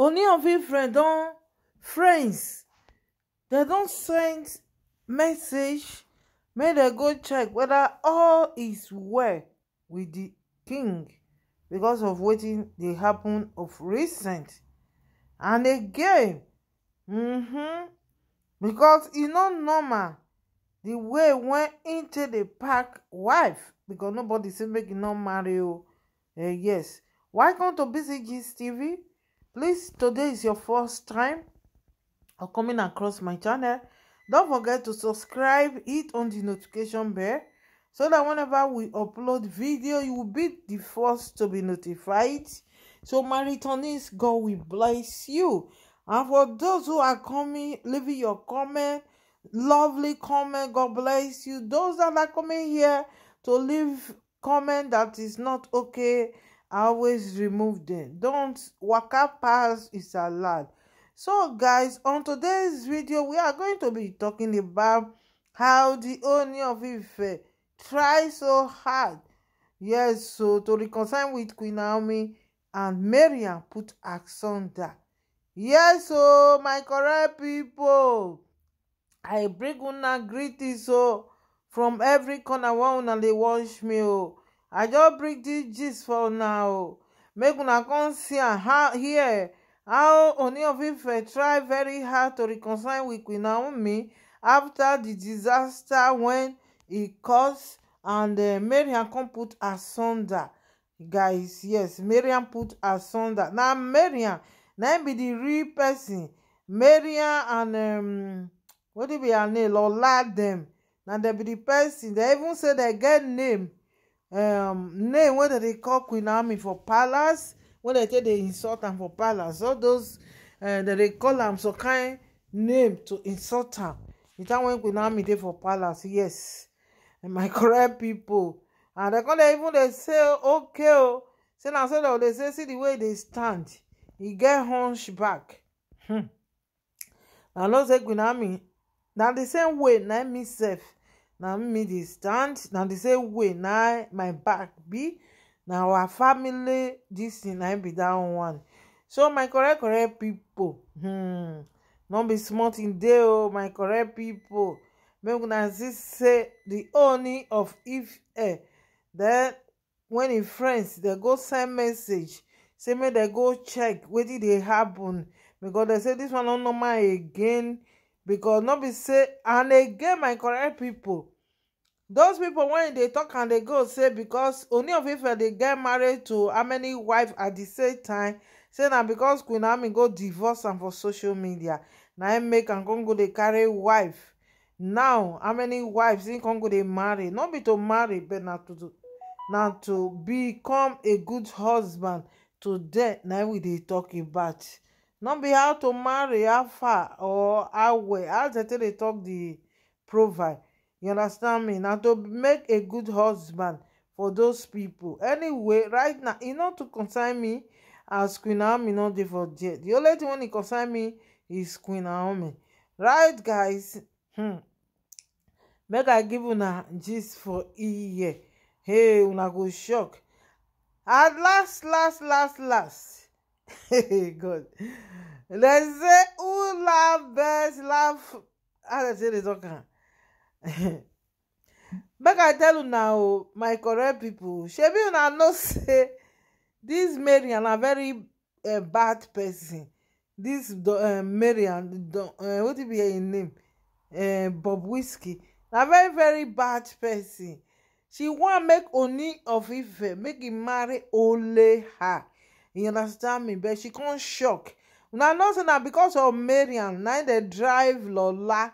onion friend don friends dem don send message make dem go check whether all is well with di king because of wetin dey happen of recent and again um mm-hmm, becos e no normal di way wen im take dey pack wife because nobody say make e no marry o eh yes welcome to bcg tv please today is your first time of coming across my channel don't forget to subscribe hit on the notification bell so that whenever we upload video you will be the first to be notified so my returnees god will bless you and for those who are coming leaving your comment lovely comment god bless you those that are coming here to leave comment that is not okay always remove them. Don't waka pass is allowed. So guys, on today's video, we are going to be talking about how the Ooni of Ife try so hard. Yes, so to reconcile with Queen Naomi and Marian, put there. Yes, so my correct people, I bring una greetings so from every corner where una dey watch me o. Oh i just bring dis gist for now. make una come see am here how only of I try very hard to reconcile with queen naomi After the disaster when e caused and eh, mariam come put asunder guys yes mariam put asunder na mariam na im be di real person. mariam and um, what do be her name lola dem na dem be di person. They even say dem get name um, name wey dem dey call queen naomi for palace wey dem take dey insult am for palace all those dem uh, dey call am some kind name to insult am di time when queen naomi dey for palace yes my correct people. and dem con dey even dey say okay o oh. say na so dem dey say see the way e dey stand e get hunchback hmm. i know say queen naomi na the same way na me sef na me dey stand na the same way na my back be na our family this thing na be dat one so my correct correct people, hmm no be small thing dey oh my correct people. make una see say the only of if eh den when im e friends dem go send message say make dem go check wetin dey happen because dem say this one no normal again because no be say and again my correct people. those people wen they dey tok and dey go say because only of ife dey get married to how many wives at di same time say na becos queen Ami go divorce am for social media na im make am come go dey carry wife now how many wives im come go dey marry no be to marry but na to na to become a good husband to dem na we dey tok about no be how to marry how far or how well how dem take dey talk the provide. you understand me now to make a good husband for those people. anyway right now you know to concern me as queen naomi Not the for there the only thing wey e concern me is queen naomi right guys hmm make i give una gist for here hey una go shock At last last last last God. Let's say who laugh best laugh. How do I say this? Okay. Make I tell you now, my correct people. shebi una know say dis Marian na very uh, bad person. This uh, eh, Mariam, uh, eh, wetin be her name? Uh, Whiskey, a very very bad person. She want make only of Ife make him marry only her you understand me but she come shock na not say na because of mariam na im dey drive lola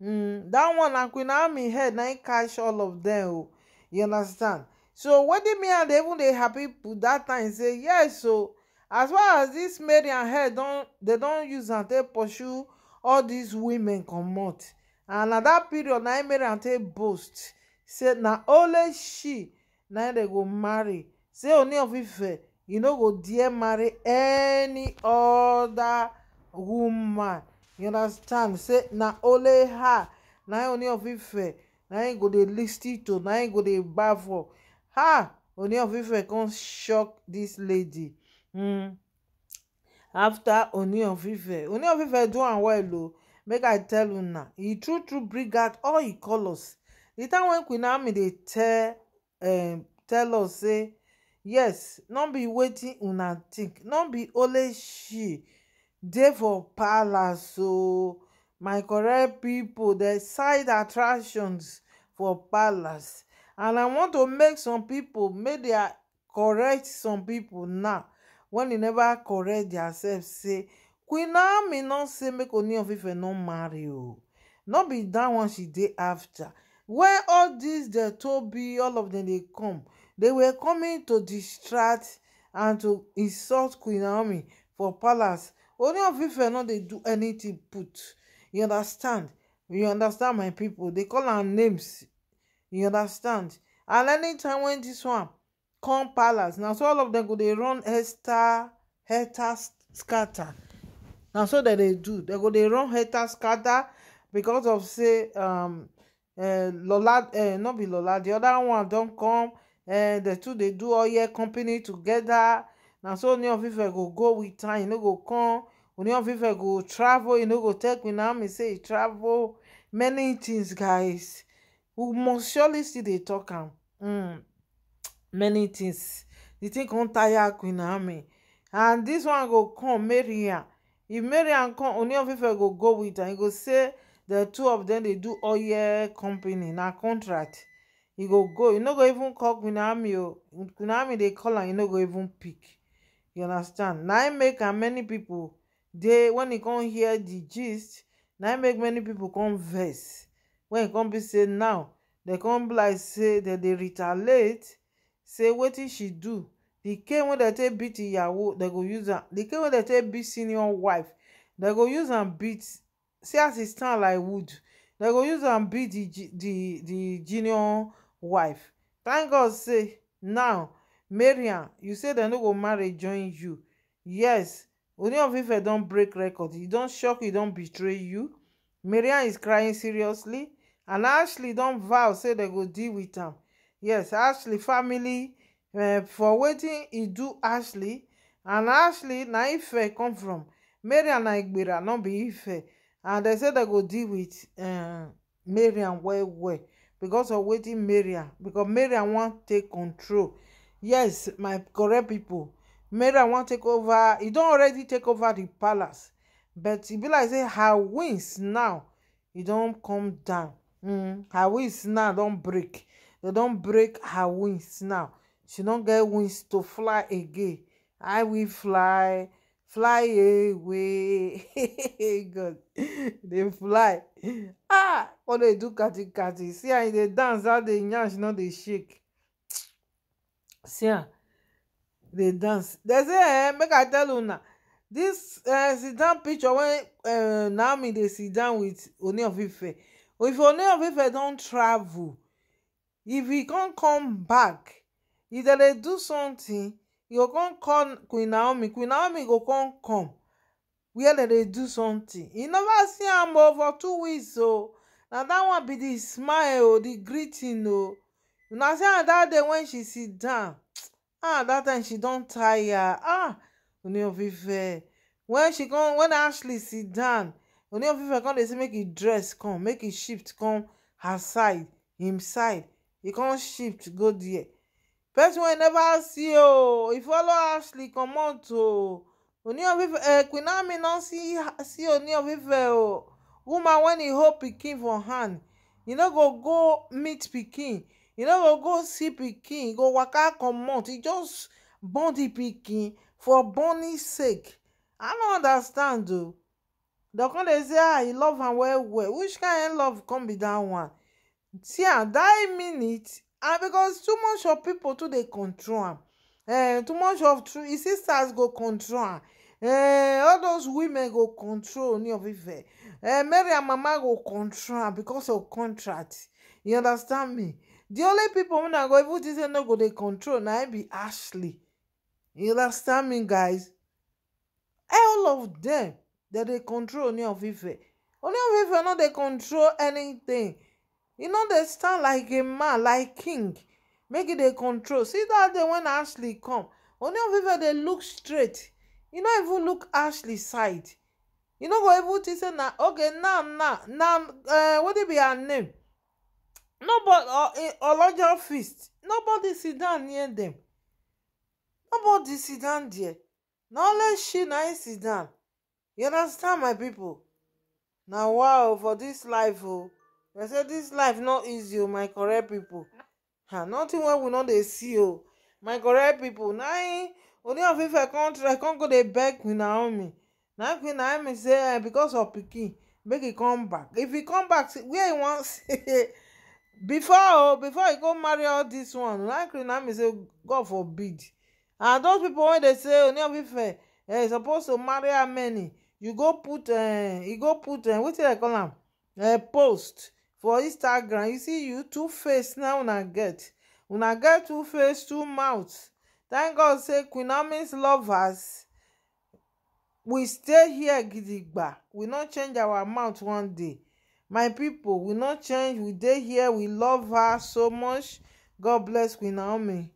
mm, that one na queen naomi head na catch all of them. o oh. you understand so wetin me and even dey happy put that time say yes So as well as this mariam head dem don use am take pursue all these women comot and na that period na im mariam take boast say na only she na im dey go marry say oni of ife you no go dare marry any other woman you understand say na only her na only of ife na im go dey lis ten to na im go dey baff for her only of ife come shock this lady mm. after oni of ife oni of ife do am well o oh. make i tell una he true true bring out all e colours the time when queen naomi dey tell um, tell us say yes no be wetin una think no be only she dey for palace o my correct pipo the side attractions for palace and i want to make some pipo make dia correct some pipo now wen e never correct diasef say queen naomi no say make oni of ife no marry o no be dat one she dey after. wen all dis dey tobi all of dem dey come They were coming to distract and to insult Queen Naomi for palace. Only of Ife no dey do anything put. You understand? You understand my people? They call am names. You understand? And anytime when this one come palace, now so all of them go they run Esther, Esther scatter. Now so that they do. they go they run Esther scatter because of say um uh, Lola, uh, not be Lola, the other one don't come uh, the two dey do all year company together na so union of ife go go with am e no go come union of ife go travel e no go tell queen me say e travel many things guys we must surely still dey talk am mm. many things the thing come tire queen naomi and this one go come maryam if maryam come union of ife go go with am e go say the two of them dey do oil company na contract e go go e no go even call queen naomi o queen naomi dey call am e no go even pick you understand na im make am many pipo dey when e come hear di gist na im make many pipo come vex When e come be say now dem come be like say dem dey retaliate say wetin she do di cane wey dem take beat iyawo dem go use am di cane wey dem take beat senior wife dem go use am beat see as e stand like wood dem go use am beat di junior wife thank god say now Marian, you say dem no go marry join you yes Only of I don't break record e don't shock you e don't betray you Marian is crying seriously and ashley don't vow say they go deal with him. yes ashley family eh, for wetin he do ashley and ashley na ife come from Marian, na igbera no be ife and they say dem go deal with eh, Marian. well well because of wetin maria because maria wan take control yes my correct people. maria wan take over He don already take over the palace but e be like say her wings now e don come down mm, her wings now don break They don break her wings now she don get wings to fly again i will e fly fly away god they fly ah when they do kati kati see how they dance how they nyash, not they shake see ya they dance they say eh, make i tell una this eh, sit down picture when eh, Nami they sit down with oni of ife if oni of ife don't travel if he can't come back if they do something You go come call queen naomi queen naomi go come come wia dem dey do something e never see am o oh, for two weeks o oh. na that one be the smile o oh, di greeting o una see her that day when she sit down ah that time she don tire ah oni of ife wen she come when ashley sit down oni of ife come dey say make e dress come make e shift come her side him side e come shift go there person wey never see o oh, e follow ashley comot o oni oh. eh, ife queen naomi don see see oni of ife eh, o oh. woman wen e hold pikin for hand e no go go meet pikin e no go go see pikin e go waka comot e just born di pikin for born sake i no understand o dem come dey say ah e love am well well which kain love come be dat one see am dat minute and because too much of people too dey control am eh too much of true his sisters go control am eh all those women go control oni of eh mary and mama go control am because of contract you understand me The only people wey na go even think say no go dey control na im be ashley you understand me guys eh, all of them dem dey control oni of ife oni of ife no dey control anything e no dey stand like a man like king make e dey control see that day when ashley come oni of ife dey look straight e no even look ashley side e no go even think say na okay now now now wetin be her name nobody uh, olojo feast nobody sit down near dem nobody sit down there na only she na him e sit down you understand my people? na wow for this life o oh dem say this life no easy o oh, my correct people. ha nothing wey we no dey see o oh. my correct people. na im oni of ife come try come go dey beg queen naomi na queen naomi say eh, because of pikin make he come back if he come back where he wan before o oh, before he go marry all this one na queen naomi say god forbid and those people wey dey say oni of ife eh, eh suppose to marry how many you go put eh you go put eh wetin dem call am eh post for instagram you see you two face now una get una get two face two mouth thank god say queen naomi's lovers we stay here gidigba we no change our mouth one day my people, we no change we dey here we love her so much god bless queen naomi